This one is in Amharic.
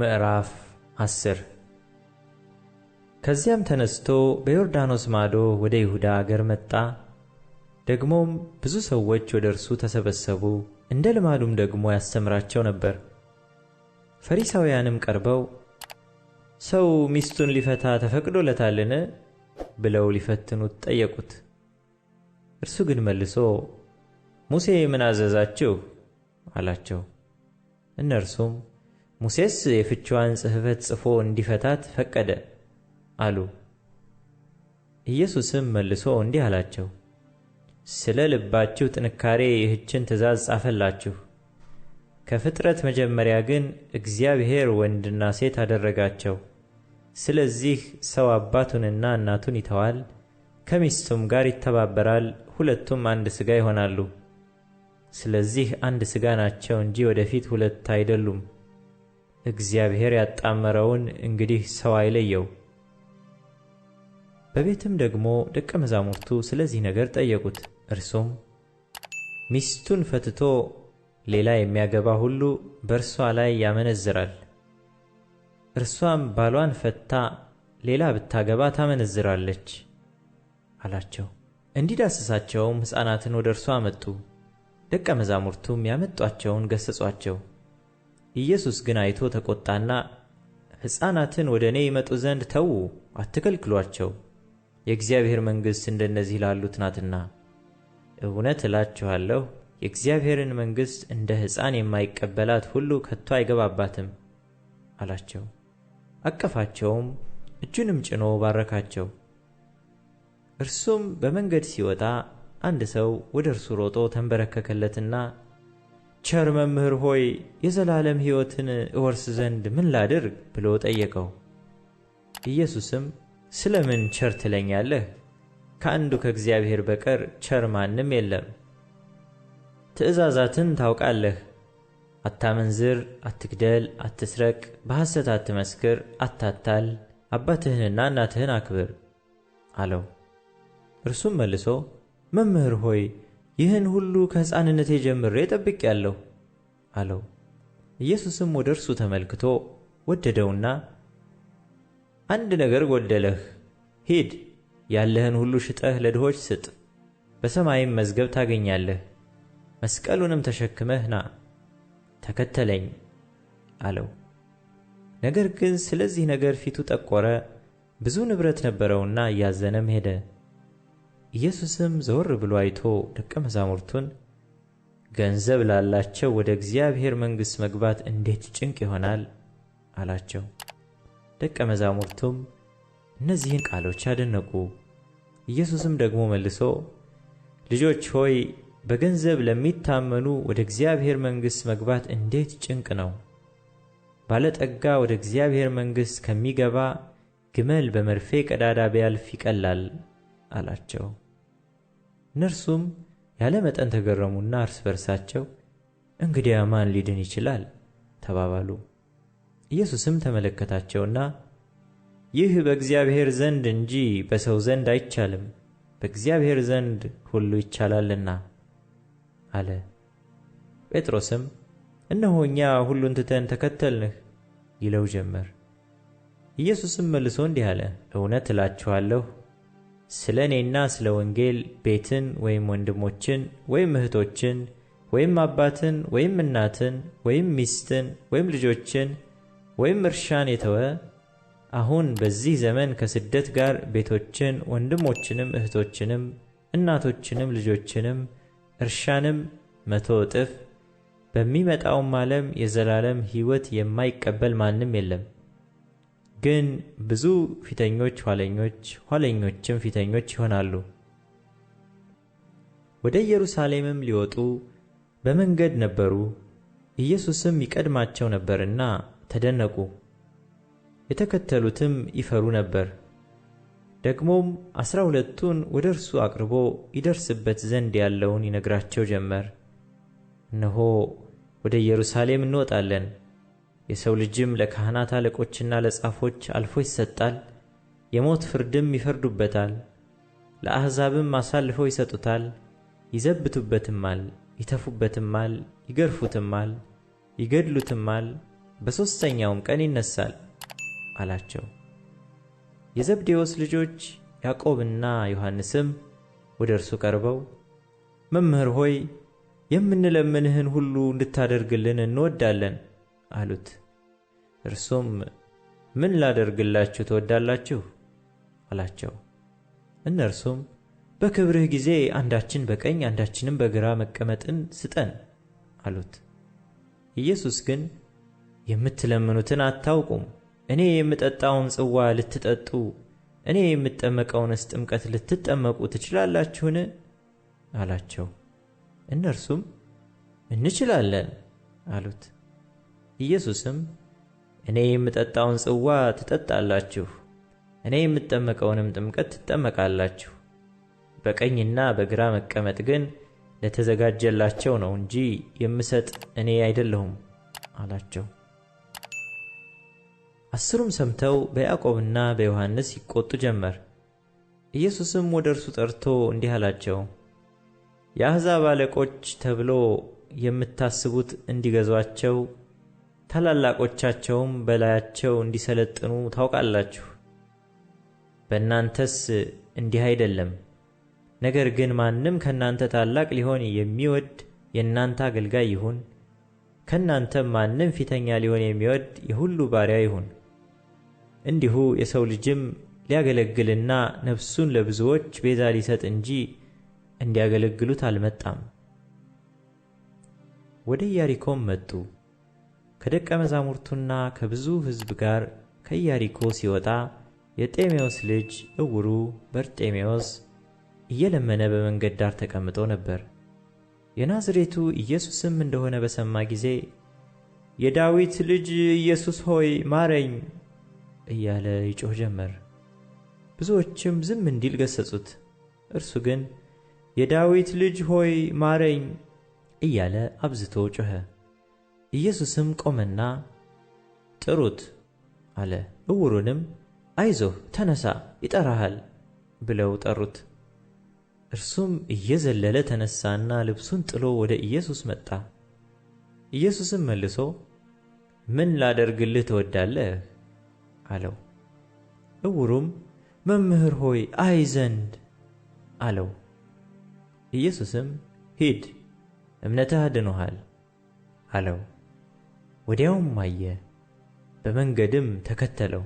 ምዕራፍ 10 ከዚያም ተነስቶ በዮርዳኖስ ማዶ ወደ ይሁዳ አገር መጣ። ደግሞም ብዙ ሰዎች ወደ እርሱ ተሰበሰቡ፣ እንደ ልማዱም ደግሞ ያስተምራቸው ነበር። ፈሪሳውያንም ቀርበው ሰው ሚስቱን ሊፈታ ተፈቅዶለታልን? ብለው ሊፈትኑት ጠየቁት። እርሱ ግን መልሶ ሙሴ ምን አዘዛችሁ? አላቸው። እነርሱም ሙሴስ የፍችዋን ጽሕፈት ጽፎ እንዲፈታት ፈቀደ አሉ። ኢየሱስም መልሶ እንዲህ አላቸው፣ ስለ ልባችሁ ጥንካሬ ይህችን ትእዛዝ ጻፈላችሁ። ከፍጥረት መጀመሪያ ግን እግዚአብሔር ወንድና ሴት አደረጋቸው። ስለዚህ ሰው አባቱንና እናቱን ይተዋል፣ ከሚስቱም ጋር ይተባበራል፣ ሁለቱም አንድ ሥጋ ይሆናሉ። ስለዚህ አንድ ሥጋ ናቸው እንጂ ወደፊት ሁለት አይደሉም። እግዚአብሔር ያጣመረውን እንግዲህ ሰው አይለየው። በቤትም ደግሞ ደቀ መዛሙርቱ ስለዚህ ነገር ጠየቁት። እርሱም ሚስቱን ፈትቶ ሌላ የሚያገባ ሁሉ በእርሷ ላይ ያመነዝራል፣ እርሷም ባሏን ፈታ ሌላ ብታገባ ታመነዝራለች አላቸው። እንዲዳስሳቸውም ሕፃናትን ወደ እርሱ አመጡ። ደቀ መዛሙርቱም ያመጧቸውን ገሰጿቸው። ኢየሱስ ግን አይቶ ተቆጣና ሕፃናትን ወደ እኔ ይመጡ ዘንድ ተዉ፣ አትከልክሏቸው፣ የእግዚአብሔር መንግሥት እንደነዚህ ላሉት ናትና። እውነት እላችኋለሁ የእግዚአብሔርን መንግሥት እንደ ሕፃን የማይቀበላት ሁሉ ከቶ አይገባባትም አላቸው። አቀፋቸውም እጁንም ጭኖ ባረካቸው። እርሱም በመንገድ ሲወጣ አንድ ሰው ወደ እርሱ ሮጦ ተንበረከከለትና ቸር መምህር ሆይ የዘላለም ሕይወትን እወርስ ዘንድ ምን ላድርግ ብሎ ጠየቀው። ኢየሱስም ስለ ምን ቸር ትለኛለህ? ከአንዱ ከእግዚአብሔር በቀር ቸር ማንም የለም። ትእዛዛትን ታውቃለህ፣ አታመንዝር፣ አትግደል፣ አትስረቅ፣ በሐሰት አትመስክር፣ አታታል፣ አባትህንና እናትህን አክብር አለው። እርሱም መልሶ መምህር ሆይ ይህን ሁሉ ከሕፃንነቴ ጀምሬ ጠብቄአለሁ አለው። ኢየሱስም ወደ እርሱ ተመልክቶ ወደደውና አንድ ነገር ጎደለህ፣ ሂድ ያለህን ሁሉ ሽጠህ ለድሆች ስጥ፣ በሰማይም መዝገብ ታገኛለህ፣ መስቀሉንም ተሸክመህ ና ተከተለኝ አለው። ነገር ግን ስለዚህ ነገር ፊቱ ጠቆረ፣ ብዙ ንብረት ነበረውና እያዘነም ሄደ። ኢየሱስም ዘወር ብሎ አይቶ ደቀ መዛሙርቱን ገንዘብ ላላቸው ወደ እግዚአብሔር መንግሥት መግባት እንዴት ጭንቅ ይሆናል አላቸው። ደቀ መዛሙርቱም እነዚህን ቃሎች አደነቁ። ኢየሱስም ደግሞ መልሶ ልጆች ሆይ በገንዘብ ለሚታመኑ ወደ እግዚአብሔር መንግሥት መግባት እንዴት ጭንቅ ነው። ባለጠጋ ወደ እግዚአብሔር መንግሥት ከሚገባ ግመል በመርፌ ቀዳዳ ቢያልፍ ይቀላል አላቸው። እነርሱም መጠን ተገረሙና እርስ በርሳቸው እንግዲያ ማን ሊድን ይችላል? ተባባሉ። ኢየሱስም ተመለከታቸውና ይህ በእግዚአብሔር ዘንድ እንጂ በሰው ዘንድ አይቻልም፣ በእግዚአብሔር ዘንድ ሁሉ ይቻላልና አለ። ጴጥሮስም እነሆ እኛ ሁሉን ትተን ተከተልንህ ይለው ጀመር። ኢየሱስም መልሶ እንዲህ አለ፣ እውነት እላችኋለሁ ስለ እኔና ስለ ወንጌል ቤትን ወይም ወንድሞችን ወይም እህቶችን ወይም አባትን ወይም እናትን ወይም ሚስትን ወይም ልጆችን ወይም እርሻን የተወ አሁን በዚህ ዘመን ከስደት ጋር ቤቶችን ወንድሞችንም እህቶችንም እናቶችንም ልጆችንም እርሻንም መቶ እጥፍ በሚመጣውም ዓለም የዘላለም ሕይወት የማይቀበል ማንም የለም። ግን ብዙ ፊተኞች ኋለኞች፣ ኋለኞችም ፊተኞች ይሆናሉ። ወደ ኢየሩሳሌምም ሊወጡ በመንገድ ነበሩ፣ ኢየሱስም ይቀድማቸው ነበርና ተደነቁ። የተከተሉትም ይፈሩ ነበር። ደግሞም ዐሥራ ሁለቱን ወደ እርሱ አቅርቦ ይደርስበት ዘንድ ያለውን ይነግራቸው ጀመር። እነሆ ወደ ኢየሩሳሌም እንወጣለን የሰው ልጅም ለካህናት አለቆችና ለጻፎች አልፎ ይሰጣል፣ የሞት ፍርድም ይፈርዱበታል። ለአሕዛብም አሳልፈው ይሰጡታል፣ ይዘብቱበትማል፣ ይተፉበትማል፣ ይገርፉትማል፣ ይገድሉትማል፣ በሦስተኛውም ቀን ይነሣል አላቸው። የዘብዴዎስ ልጆች ያዕቆብና ዮሐንስም ወደ እርሱ ቀርበው መምህር ሆይ የምንለምንህን ሁሉ እንድታደርግልን እንወዳለን አሉት። እርሱም ምን ላደርግላችሁ ትወዳላችሁ? አላቸው። እነርሱም በክብርህ ጊዜ አንዳችን በቀኝ አንዳችንም በግራ መቀመጥን ስጠን አሉት። ኢየሱስ ግን የምትለምኑትን አታውቁም፣ እኔ የምጠጣውን ጽዋ ልትጠጡ፣ እኔ የምጠመቀውንስ ጥምቀት ልትጠመቁ ትችላላችሁን? አላቸው። እነርሱም እንችላለን አሉት። ኢየሱስም እኔ የምጠጣውን ጽዋ ትጠጣላችሁ፣ እኔ የምጠመቀውንም ጥምቀት ትጠመቃላችሁ፣ በቀኝና በግራ መቀመጥ ግን ለተዘጋጀላቸው ነው እንጂ የምሰጥ እኔ አይደለሁም አላቸው። አስሩም ሰምተው በያዕቆብና በዮሐንስ ይቆጡ ጀመር። ኢየሱስም ወደ እርሱ ጠርቶ እንዲህ አላቸው፣ የአሕዛብ አለቆች ተብሎ የምታስቡት እንዲገዟቸው ታላላቆቻቸውም በላያቸው እንዲሰለጥኑ ታውቃላችሁ። በእናንተስ እንዲህ አይደለም። ነገር ግን ማንም ከእናንተ ታላቅ ሊሆን የሚወድ የእናንተ አገልጋይ ይሁን፣ ከእናንተም ማንም ፊተኛ ሊሆን የሚወድ የሁሉ ባሪያ ይሁን። እንዲሁ የሰው ልጅም ሊያገለግልና ነፍሱን ለብዙዎች ቤዛ ሊሰጥ እንጂ እንዲያገለግሉት አልመጣም። ወደ ኢያሪኮም መጡ። ከደቀ መዛሙርቱና ከብዙ ሕዝብ ጋር ከኢያሪኮ ሲወጣ የጤሜዎስ ልጅ እውሩ በርጤሜዎስ እየለመነ በመንገድ ዳር ተቀምጦ ነበር። የናዝሬቱ ኢየሱስም እንደሆነ በሰማ ጊዜ የዳዊት ልጅ ኢየሱስ ሆይ ማረኝ እያለ ይጮህ ጀመር። ብዙዎችም ዝም እንዲል ገሰጹት። እርሱ ግን የዳዊት ልጅ ሆይ ማረኝ እያለ አብዝቶ ጮኸ። ኢየሱስም ቆመና ጥሩት አለ። እውሩንም አይዞህ ተነሳ ይጠራሃል ብለው ጠሩት። እርሱም እየዘለለ ተነሳና ልብሱን ጥሎ ወደ ኢየሱስ መጣ። ኢየሱስም መልሶ ምን ላደርግልህ ትወዳለህ? አለው። እውሩም መምህር ሆይ አይ ዘንድ አለው። ኢየሱስም ሂድ እምነትህ አድኖሃል አለው። ወዲያውም አየ፣ በመንገድም ተከተለው